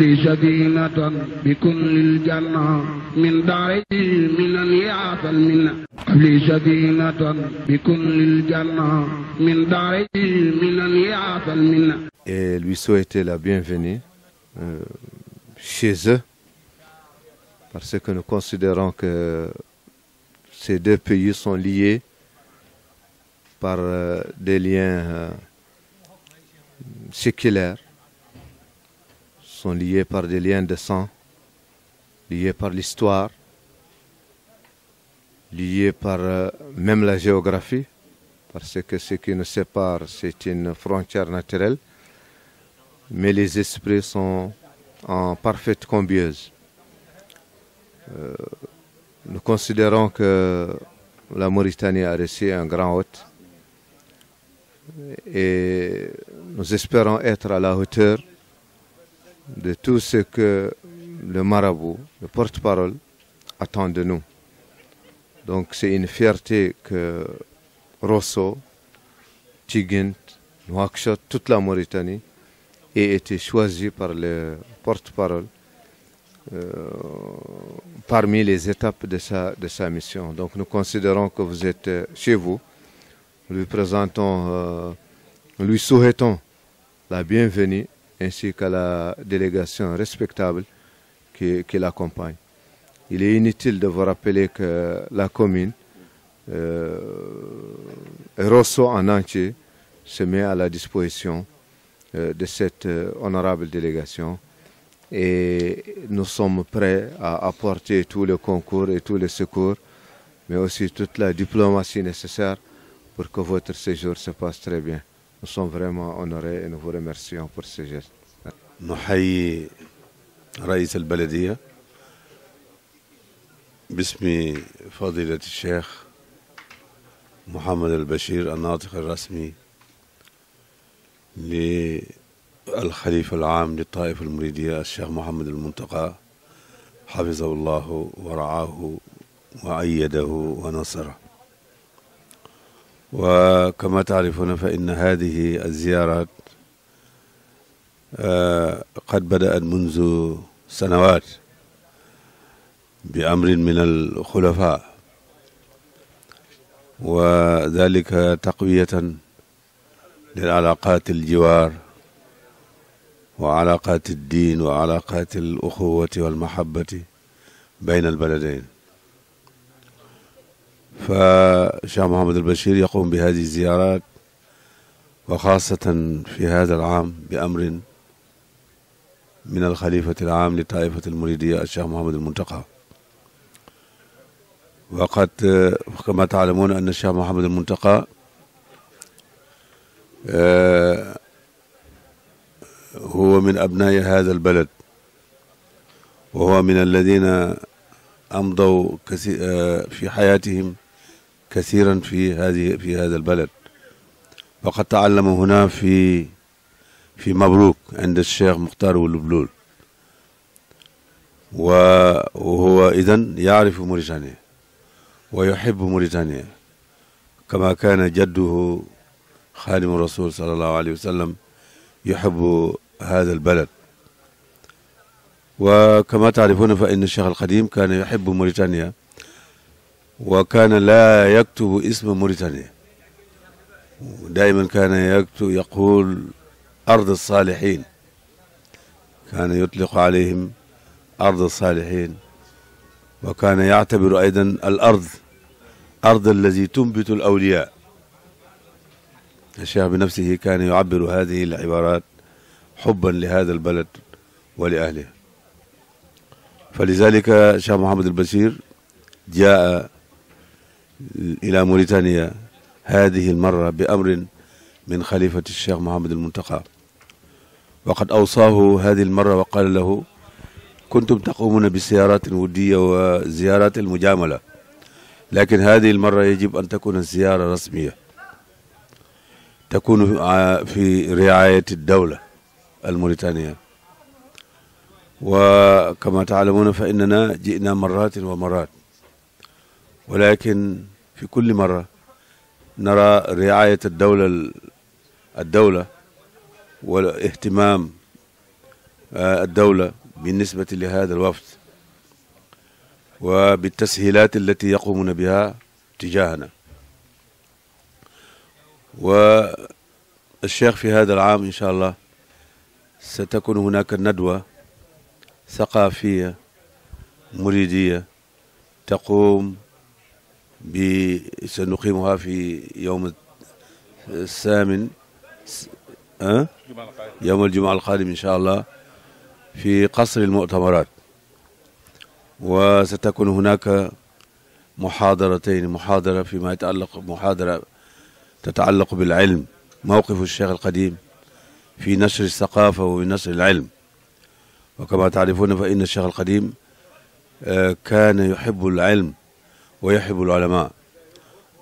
li sadinatan bi kullil janna min minan yaatal minna et lui souhaiter la bienvenue euh, chez eux parce que nous considérons que ces deux pays sont liés par euh, des liens euh, séculaires sont liés par des liens de sang, liés par l'histoire, liés par euh, même la géographie, parce que ce qui nous sépare, c'est une frontière naturelle, mais les esprits sont en parfaite combieuse. Euh, nous considérons que la Mauritanie a reçu un grand hôte et nous espérons être à la hauteur de tout ce que le marabout, le porte-parole, attend de nous. Donc c'est une fierté que Rosso, Tigint, Nouakchott, toute la Mauritanie ait été choisie par le porte-parole euh, parmi les étapes de sa, de sa mission. Donc nous considérons que vous êtes euh, chez vous. Nous euh, nous lui souhaitons la bienvenue ainsi qu'à la délégation respectable qui, qui l'accompagne. Il est inutile de vous rappeler que la commune euh, Rosso en entier se met à la disposition euh, de cette euh, honorable délégation et nous sommes prêts à apporter tout le concours et tous les secours, mais aussi toute la diplomatie nécessaire pour que votre séjour se passe très bien. Nous sommes vraiment honorés et nous vous remercions pour ce geste. نحيي رئيس البلدية باسم فضيلة الشيخ محمد البشير الناطق الرسمي للخليفة العام للطائفة المريدية الشيخ محمد المنتقى حفظه الله ورعاه وأيده ونصره وكما تعرفون فإن هذه الزيارات قد بدأت منذ سنوات بأمر من الخلفاء وذلك تقوية للعلاقات الجوار وعلاقات الدين وعلاقات الأخوة والمحبة بين البلدين فالشيخ محمد البشير يقوم بهذه الزيارات وخاصة في هذا العام بأمر من الخليفة العام لطائفة المريدية الشيخ محمد المنتقى وقد كما تعلمون أن الشيخ محمد المنتقى هو من أبناء هذا البلد وهو من الذين أمضوا في حياتهم كثيرا في هذه في هذا البلد وقد تعلم هنا في في مبروك عند الشيخ مختار ولبلول وهو إذا يعرف موريتانيا ويحب موريتانيا كما كان جده خادم الرسول صلى الله عليه وسلم يحب هذا البلد وكما تعرفون فإن الشيخ القديم كان يحب موريتانيا wa kaana laa yaktubu isma Mauritanie daa'iman kaana yaktubu yaquul arda saalihiin kaana yutliqu alayhim arda saalihiin wa kaana yactabiru aydan al ard arda allazi tunbitu al awliyaa الشيخ بنفسه كان يعبر هذه العبارات حبا لهذا البلد ولأهله فلذلك الشيخ محمد البشير جاء ila Mauritania hadihi almarra bi amrin min xalifati cheikh Mohamed al Muntaqa waqad awsaahu hadihi almarra wa qala lahu kuntum taqumuna bi ziyaratin wuddiya wa ziyarat almujamala lakin hadihi almarra yajib an takuna ziyara rasmiya takunu fi riayati aldawla almauritania wa kama taalamuuna fa innana jinaa maratin wa marat ولكن في كل مرة نرى رعاية الدولة الدولة والاهتمام الدولة بالنسبة لهذا الوفد وبالتسهيلات التي يقومون بها تجاهنا والشيخ في هذا العام إن شاء الله ستكون هناك ندوة ثقافية مريدية تقوم bi sanuqimuha fi yowm eh, saamin eh, yowm aljuma alqaadim incha allah fi qasr almu'tamarat wa satakun hunaka muxaadaratayn muxaadara fi ma yataallaq muxaadara tataallaqu bililm mawqifu alcheikh alqadim fi nashr alsaqaafa wa fi nashr alilm wa kama taarifuuna fa inna alcheikh alqadim eh, kaana yuhibbu alilm wa yuhibbu al-ulama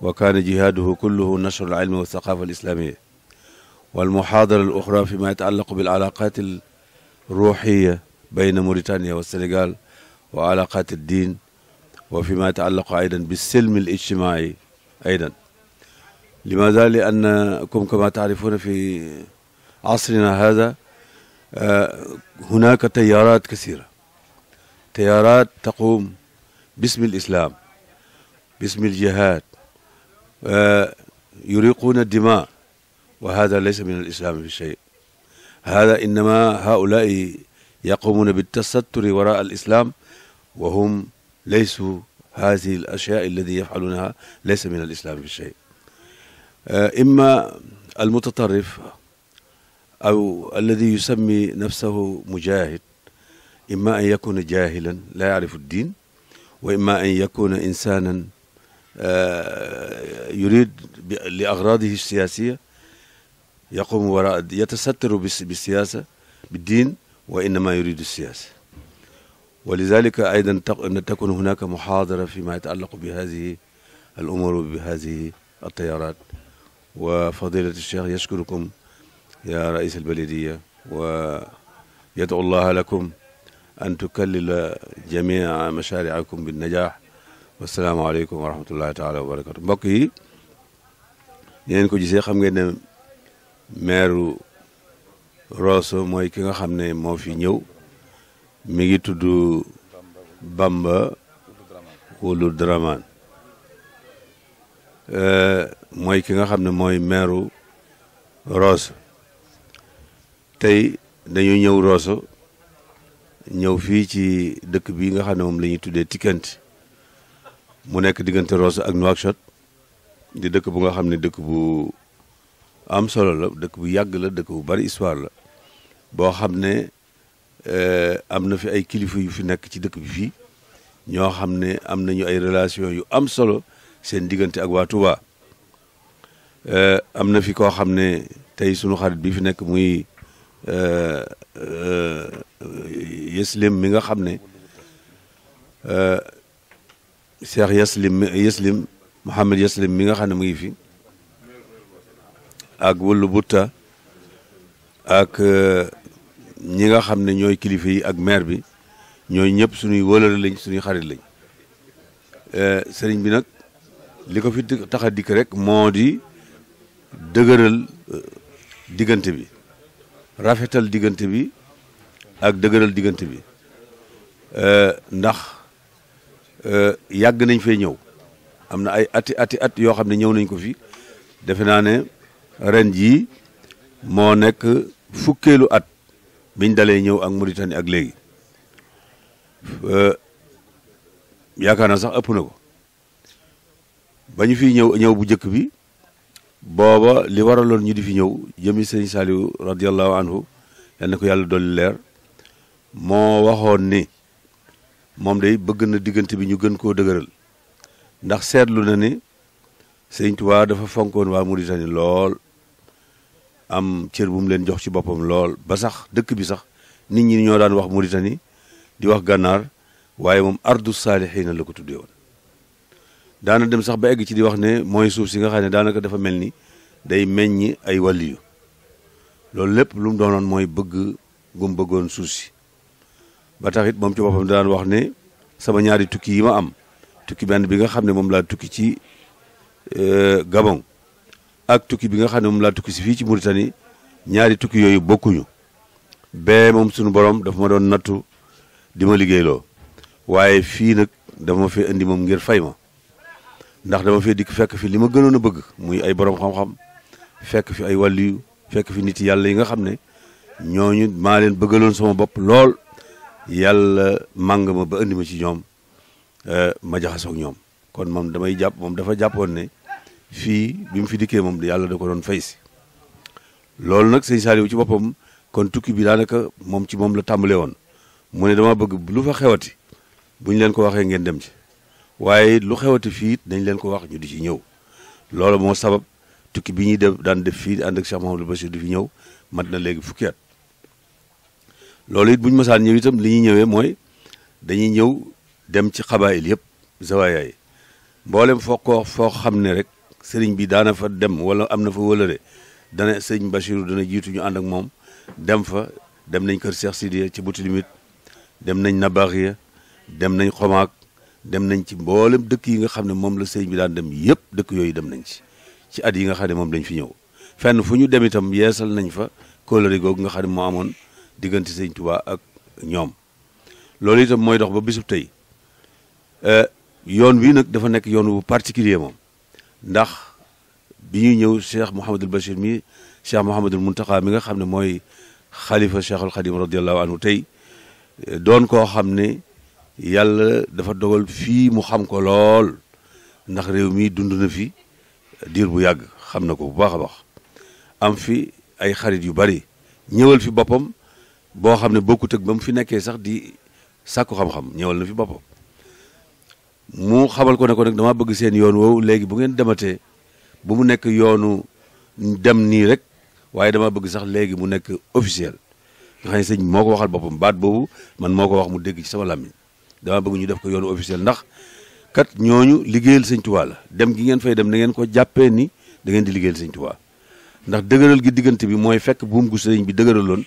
wa kaana jihaaduhu kulluhu nashru al-ilmi wa ath-thaqaafa al-islamiyya wal muhaadara al-ukhraa fiimaa yata'allaqu bil-'alaaqaat al-ruuhiyya bayna Mauritania wa Sénégal wa 'alaaqaat ad-diin wa fiimaa yata'allaqu aydan bis-silm al-ijtimaa'i aydan limaazaa li'annakum kamaa ta'rifuuna fi 'asrinaa haadhaa hunaaka tayyaarat kasiira tayyaarat taquum bismi l-islaam bismil jihad yuriquuna dima wa hada laysa min al islaami fi shay hada innama haulaai yaquumuuna bitasatturi wara al islam wa hum laysu hadihi al ashyaa alladi yafaluunaha laysa min al islaami fi shay imma al mutatarrif aw alladi yusammi nafsahu mujahid imma an yakuna jahilan laa yarifu ddin wa imma an yakuna insanan يريد لأغراضه السياسية يقوم وراء يتستر بالسياسة بالدين وإنما يريد السياسة ولذلك أيضا تكون هناك محاضرة فيما يتعلق بهذه الأمور وبهذه التيارات وفضيلة الشيخ يشكركم يا رئيس البلدية ويدعو الله لكم أن تكلل جميع مشاريعكم بالنجاح wasalaamaaleykum wa rahmatullahi taala wa barakatu mbokk yi yéen ko gisee xam ngeen ne maire Rosso mooy ki nga xam ne moo fi ñëw mi ngi tudd Bamba Wulu Draman eh, mooy ki nga xam ne mooy maire ros tey dañu ñëw Rosso ñëw fii ci dëkk bi nga xam ne moom la ñuy tuddee Tikanti mu nekk diggante Rosso ak Nouakchott di dëkk bu nga xam ne dëkk bu am solo la dëkk bu yàgg la dëkk bu bari histoire la boo xam ne eh, am na fi ay kilifa yu fi nekk ci dëkk bi fii ñoo xam ne am nañu ay relation yu am solo seen diggante ak waa Touba eh, am na fi koo xam ne tey sunu xarit bi fi nekk muy eh, Yeslim mi nga xam ne Cheikh Yaslim Yaslim Mouhamed Yaslim mi nga xam ne mu ngi fi ak wëllu Butta ak euh, ñi nga xam ne ñooy kilifa yi ak maire bi ñooy ñëpp suñuy wëlëre lañ suñuy xarit lañ euh, sëriñ bi nag li ko fi tax a dikk rek moo di dëgëral euh, diggante bi rafetal diggante bi ak dëgëral diggante bi ndax Euh, yàgg nañ fee ñëw am na ay ati ati at yoo xam ne ñëw nañ ko fi defe naa ne ren jii moo nekk fukkeelu at biñ dalee ñëw ak Mauritanie ak léegi euh, yaakaar naa sax ëpp na ko ba ñu fi ñëw ñëw bu njëkk bi booba li waraloon ñu di fi ñëw jëmmi sëñ Saliou radiyallahu anhu yal na ko yàlla dolli leer moo waxoon ni moom day bëgg na diggante bi ñu gën koo dëgëral ndax seetlu na ni sëñ Tuubaa dafa fonkoon waa Mauritanie lool am cër bu mu leen jox ci boppam lool ba sax dëkk bi sax nit ñi ñoo daan wax Mauritanie di wax gànnaar waaye moom xëy na la ko tuddee woon daana dem sax ba egg ci di wax ne mooy suuf si nga xam ne daanaka dafa mel ni day meññ ay wàlliyu loolu lépp lu mu doonoon mooy bëgg gum bëggoon suuf si ba tax it moom ci boppam daan wax ne sama ñaari tukki yi ma am tukki benn bi nga xam ne moom laa tukki ci euh, Gabon ak tukki bi nga xam ne moom laa tukki si fii ci Mauritanie ñaari tukki yooyu bokkuñu bee moom suñu borom dafa ma doon nattu di ma liggéeyloo waaye fii nag dafa ma fee indi moom ngir fay ma ndax dama fee dikk fekk fi li ma gënoon a bëgg muy ay borom xam-xam fekk fi ay wàlliyu fekk fi nit yàlla yi nga xam ne ñooñu maa leen bëggaloon sama bopp lool yàlla màng ma ba indi ma ci ñoom eh, ma jaxasoog ñoom kon moom damay jàpp moom dafa jàppoon ne fii bi mu fi dikkee moom di yàlla da ko doon fay si loolu nag sëñ Saliou ci boppam kon tukki bi daanaka moom ci moom la tàmbalee woon mu ne dama bëgg lu fa xewati bu ñu leen ko waxee ngeen dem ci waaye lu xewati fii dañ leen ko wax ñu di ci ñëw loolu moo sabab tukki bi ñuy def daan def fii ànd ak Cheikh Mahamadou Bachir di fi ñëw mat na léegi fukki loolu it bu ñu mosaan ñëw itam li ñuy ñëwee mooy dañuy ñëw dem ci xabaayil yëpp zawaaya yi mboolem foo ko foo xam ne rek sëriñ bi daana fa dem wala am na fa wëlëre dana sëriñ Bachirou dana jiitu ñu ànd ak moom dem fa dem nañ kër Cheikh Sidiya ci Boutilimit dem nañ Nabaxiya dem nañ Xomaak dem nañ ci mboolem dëkk yi nga xam ne moom la sëriñ bi daan dem yëpp dëkk yooyu dem nañ ci ci at yi nga xam ne moom lañ fi ñëw fenn fu ñu dem itam yeesal nañ fa kóolëre googu nga xam ne moo amoon diggante sëñ Tuubaa ak ñoom loolu ta mooy dox ba bisub tey eh, yoon wi nag dafa nekk yoon bu particulier moom ndax bi ñuy ñëw cheikh Mouhamadul Bachir mi cheikh Mouhamadul Muntaxa mi nga xam ne mooy xalifa cheikhul Xadim radiallahu anhu tey eh, doon koo xam ne yàlla dafa dogal fii mu xam ko lool ndax réew mi dund na fi diir bu yàgg xam na ko bu baax a baax am fi ay xarit yu bari ñëwal fi boppam boo xam ne bokkut ak ba mu fi nekkee sax di sàkku xam-xam ñëwal na fi boppam mu xamal ko ne ko nag damaa bëgg seen yoon woowu léegi bu ngeen dematee bu mu nekk yoonu dem nii rek waaye damaa bëgg sax léegi mu nekk officiel nga xam ne sëñ moo ko waxal boppam baat boobu man moo ko wax mu dégg ci sama làmmiñ dama bëgg ñu def ko yoonu officiel ndax kat ñooñu liggéeyal sëñ Tuubaa la dem gi ngeen fay dem na ngeen ko jàppee nii da ngeen di liggéeyal sëñ Tuubaa ndax dëgëral gi diggante bi mooy fekk buum gu sëriñ bi dëgëraloon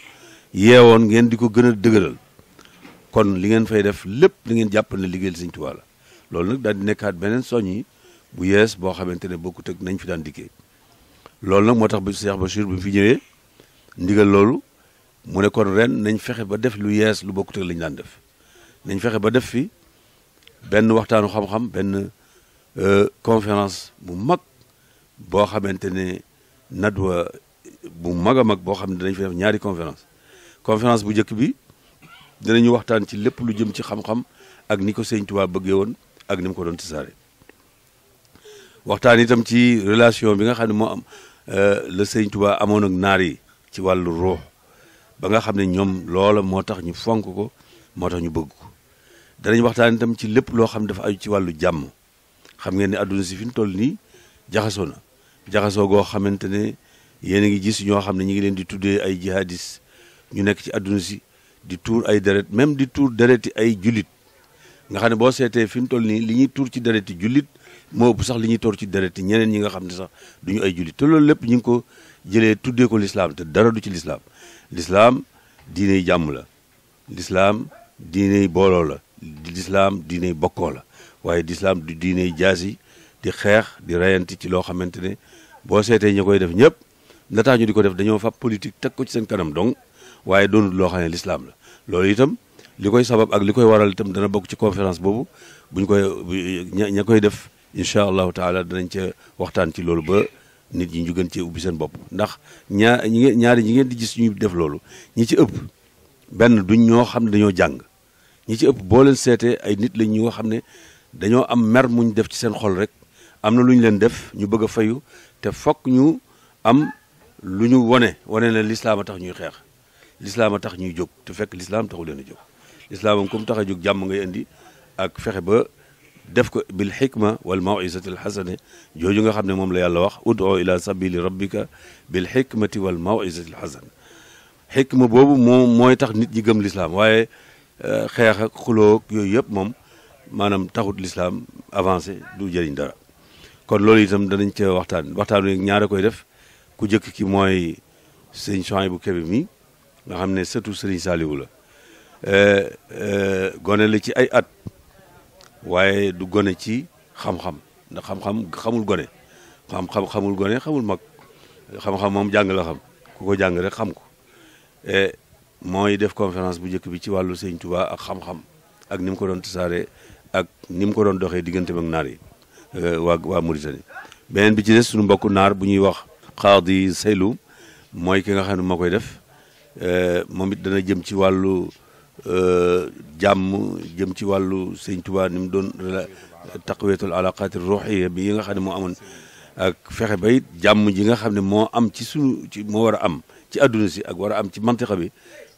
yeewoon ngeen di ko gën a dëgëral kon li ngeen fay def lépp li ngeen jàppal ne liggéeyal Sëñ Tuubaa la loolu nag daal di nekkaat beneen yi bu yees boo xamante ne bokkut ak nañ fi daan dikkee loolu nag moo tax bi Cheikh Bachir bi mu fi ñëwee ndigal loolu mu ne kon ren nañ fexe ba def lu yees lu bokkut ak lañ daan def nañ fexe ba def fi benn waxtaanu xam-xam benn euh, conférence bu mag boo xamante ne nadwa bu mag a mag boo xam ne dañ fi ñaari conférence conférence bu njëkk bi dinañu waxtaan ci lépp lu jëm ci xam-xam ak ni ko sëñ Tuubaa bëggee woon ak ni ko doon saare waxtaan itam ci relation bi nga xam ne moo am euh, la sëñ Tuubaa amoon ak naar yi ci wàllu ruux ba nga xam ne ñoom loola moo tax ñu fonk ko moo tax ñu bëgg ko danañ waxtaan itam ci lépp loo xam dafa aju ci wàllu jàmm xam ngeen ne àdduna si fi ñu toll nii jaxasoo na jaxasoo goo xamante ne yéen a ngi gis ñoo xam ne ñu ngi leen di tuddee ay jihadis ñu nekk ci àdduna si di tuur ay deret même di tuur dereti ay jullit nga xam ne boo seetee fi mu toll nii li ñuy tuur ci dereti jullit moo ëpp sax li ñuy toor ci dereti ñeneen ñi nga xam ne sax du ñu ay julit te loolu lépp ñu ngi ko jëlee tuddee ko lislaam te dara du ci lislaam lislaam diiney jàmm la lislaam diiney booloo la lislaam diiney bokkoo la waaye lislaam du diiney jaasi di xeex di reyanti ci loo xamante ne boo seetee ñi koy def ñëpp la tax ñu di ko def dañoo fab politique teg ko ci seen kanam donc waaye doonul loo xam ne lislaam la loolu itam li koy sabab ak li koy waral itam dana bokk ci conférence boobu buñ koy ña koy def incha allahu taala danañ ca waxtaan ci loolu ba nit ñi ñu gën cee ubbi seen bopp ndax ñaa ñi ñaari ñu ngeen di gis ñu def loolu ñi ci ëpp benn duñ ñoo xam ne dañoo jàng ñi ci ëpp boo leen seetee ay nit lañ ñoo xam ne dañoo am mer muñ def ci seen xol rek am na lu ñu leen def ñu bëgg a fayu te fokk ñu am lu ñu wone wone ne lislaam a tax ñuy xeex lislaam a tax ñuy jóg te fekk lislaam taxu leen a jóg lislaam am comme tax a jóg jàmm ngay indi ak fexe ba def ko bil xikma wal mawizati al xasane jooju nga xam ne moom la yàlla wax udo ila sabili rabbika bil xikmati wal mawizati al xasane xikma boobu moom mooy tax nit ñi gëm lislaam waaye euh, xeex ak xuloo yooyu yëpp moom maanaam taxut lislaam avancé du jëriñ dara kon loolu itam danañ ca waxtaan waxtaan wi ñaara koy def ku jëkk ki mooy sëñ bu Kébé mi nga xam ne sëtu Serigne Saliou la eh, eh, gone la ci ay at waaye du gone ci xam-xam ndax xam-xam xamul gone xam-xam xamul gone xamul mag xam-xam moom jàng la xam ko jàng rek xam ko eh, mooy def conférence bu njëkk bi ci wàllu Sëñ Touba ak xam-xam ak ni mu ko doon tasaare ak ni mu ko doon doxee diggante ak naar yi waa waa Mauritanie beneen bi ci des suñu mbokku naar bu ñuy wax xaadi saylu mooy ki nga xam ne moo koy def Eh, moom it dana jëm ci wàllu eh, jàmm jëm ci wàllu sëñ Tuubaa ni mu doon taqwiyatul alaqaati ruuxiya bi yi nga xam ne moo amoon ak fexe ba it jàmm ji nga xam ne moo am ci sunu ci moo war a am ci àdduna si ak war a am ci mantiqa bi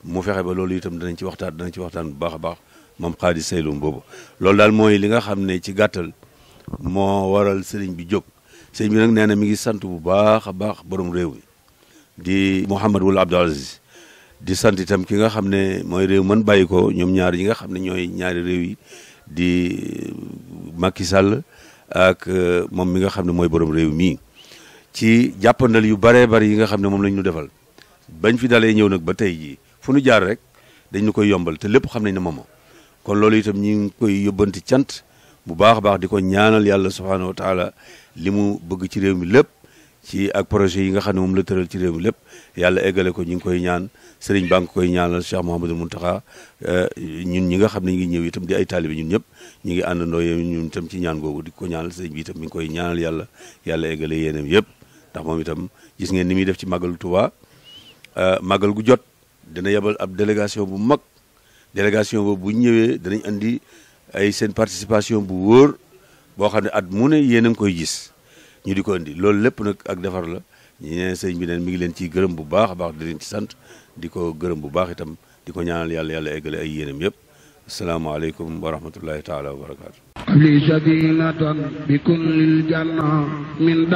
mu fexe ba loolu itam danañ ci waxtaan danañ ci waxtaan bu baax a baax moom xaadi saylum boobu loolu daal mooy li nga xam ne ci gàttal moo waral sëriñ bi jóg sëriñ bi nag nee na mi ngi sant bu baax a baax borom réew mi di Mouhamadou Wula Abdou Aziz di sant itam ki nga xam ne mooy réew man bàyyi ko ñoom ñaar yi nga xam ne ñooy ñaari réew yi di Macky Sall ak euh, moom mi nga xam ne mooy borom réew mii ci jàppandal yu baree bari yi nga xam ne moom lañ ñu defal bañ fi dalee ñëw nag ba tey jii fu nu jaar rek dañ ñu koy yombal te lépp xam nañ ne moom kon loolu itam ñu koy yóbbanti cant bu baax a baax di ko ñaanal yàlla subhaanahu wa taala li mu bëgg ci réew mi lépp ci ak projet yi nga xam ne moom la tëral ci réew mi lépp yàlla eggale ko ñu ngi koy ñaan sëriñ baa ngi koy ñaanal Cheikh Mouhamadou Mountakha euh, ñun ñi nga xam ne ñu ngi ñëw itam di ay taalibe ñun ñëpp ñu ngi àndandoo ñun itam ci ñaan googu di ko ñaanal sëriñ bi itam ngi koy ñaanal yàlla yàlla eggale yéenam yëpp ndax moom itam gis ngeen ni muy def ci màggalu Tuubaa màggal gu jot dina yebal ab délégation bu mag délégation boobu bu ñëwee danañ andi ay seen participation bu wóor boo xam ne at mu ne yéen a ngi koy gis ñu di ko indi loolu lépp nag ak defar la ñu ne bi neen mi ngi leen ciy gërëm bu baax a baax di leen ci sant di ko gërëm bu baax itam di ko ñaanal yàlla yàlla eggale ay yéenam yëpp asalaamaaleykum wa rahmatullahi taala wa barakaatu li sadinatan bi kullil janna min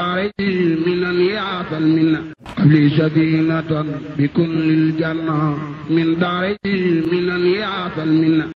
li sadinatan janna min daari minan yaatal minna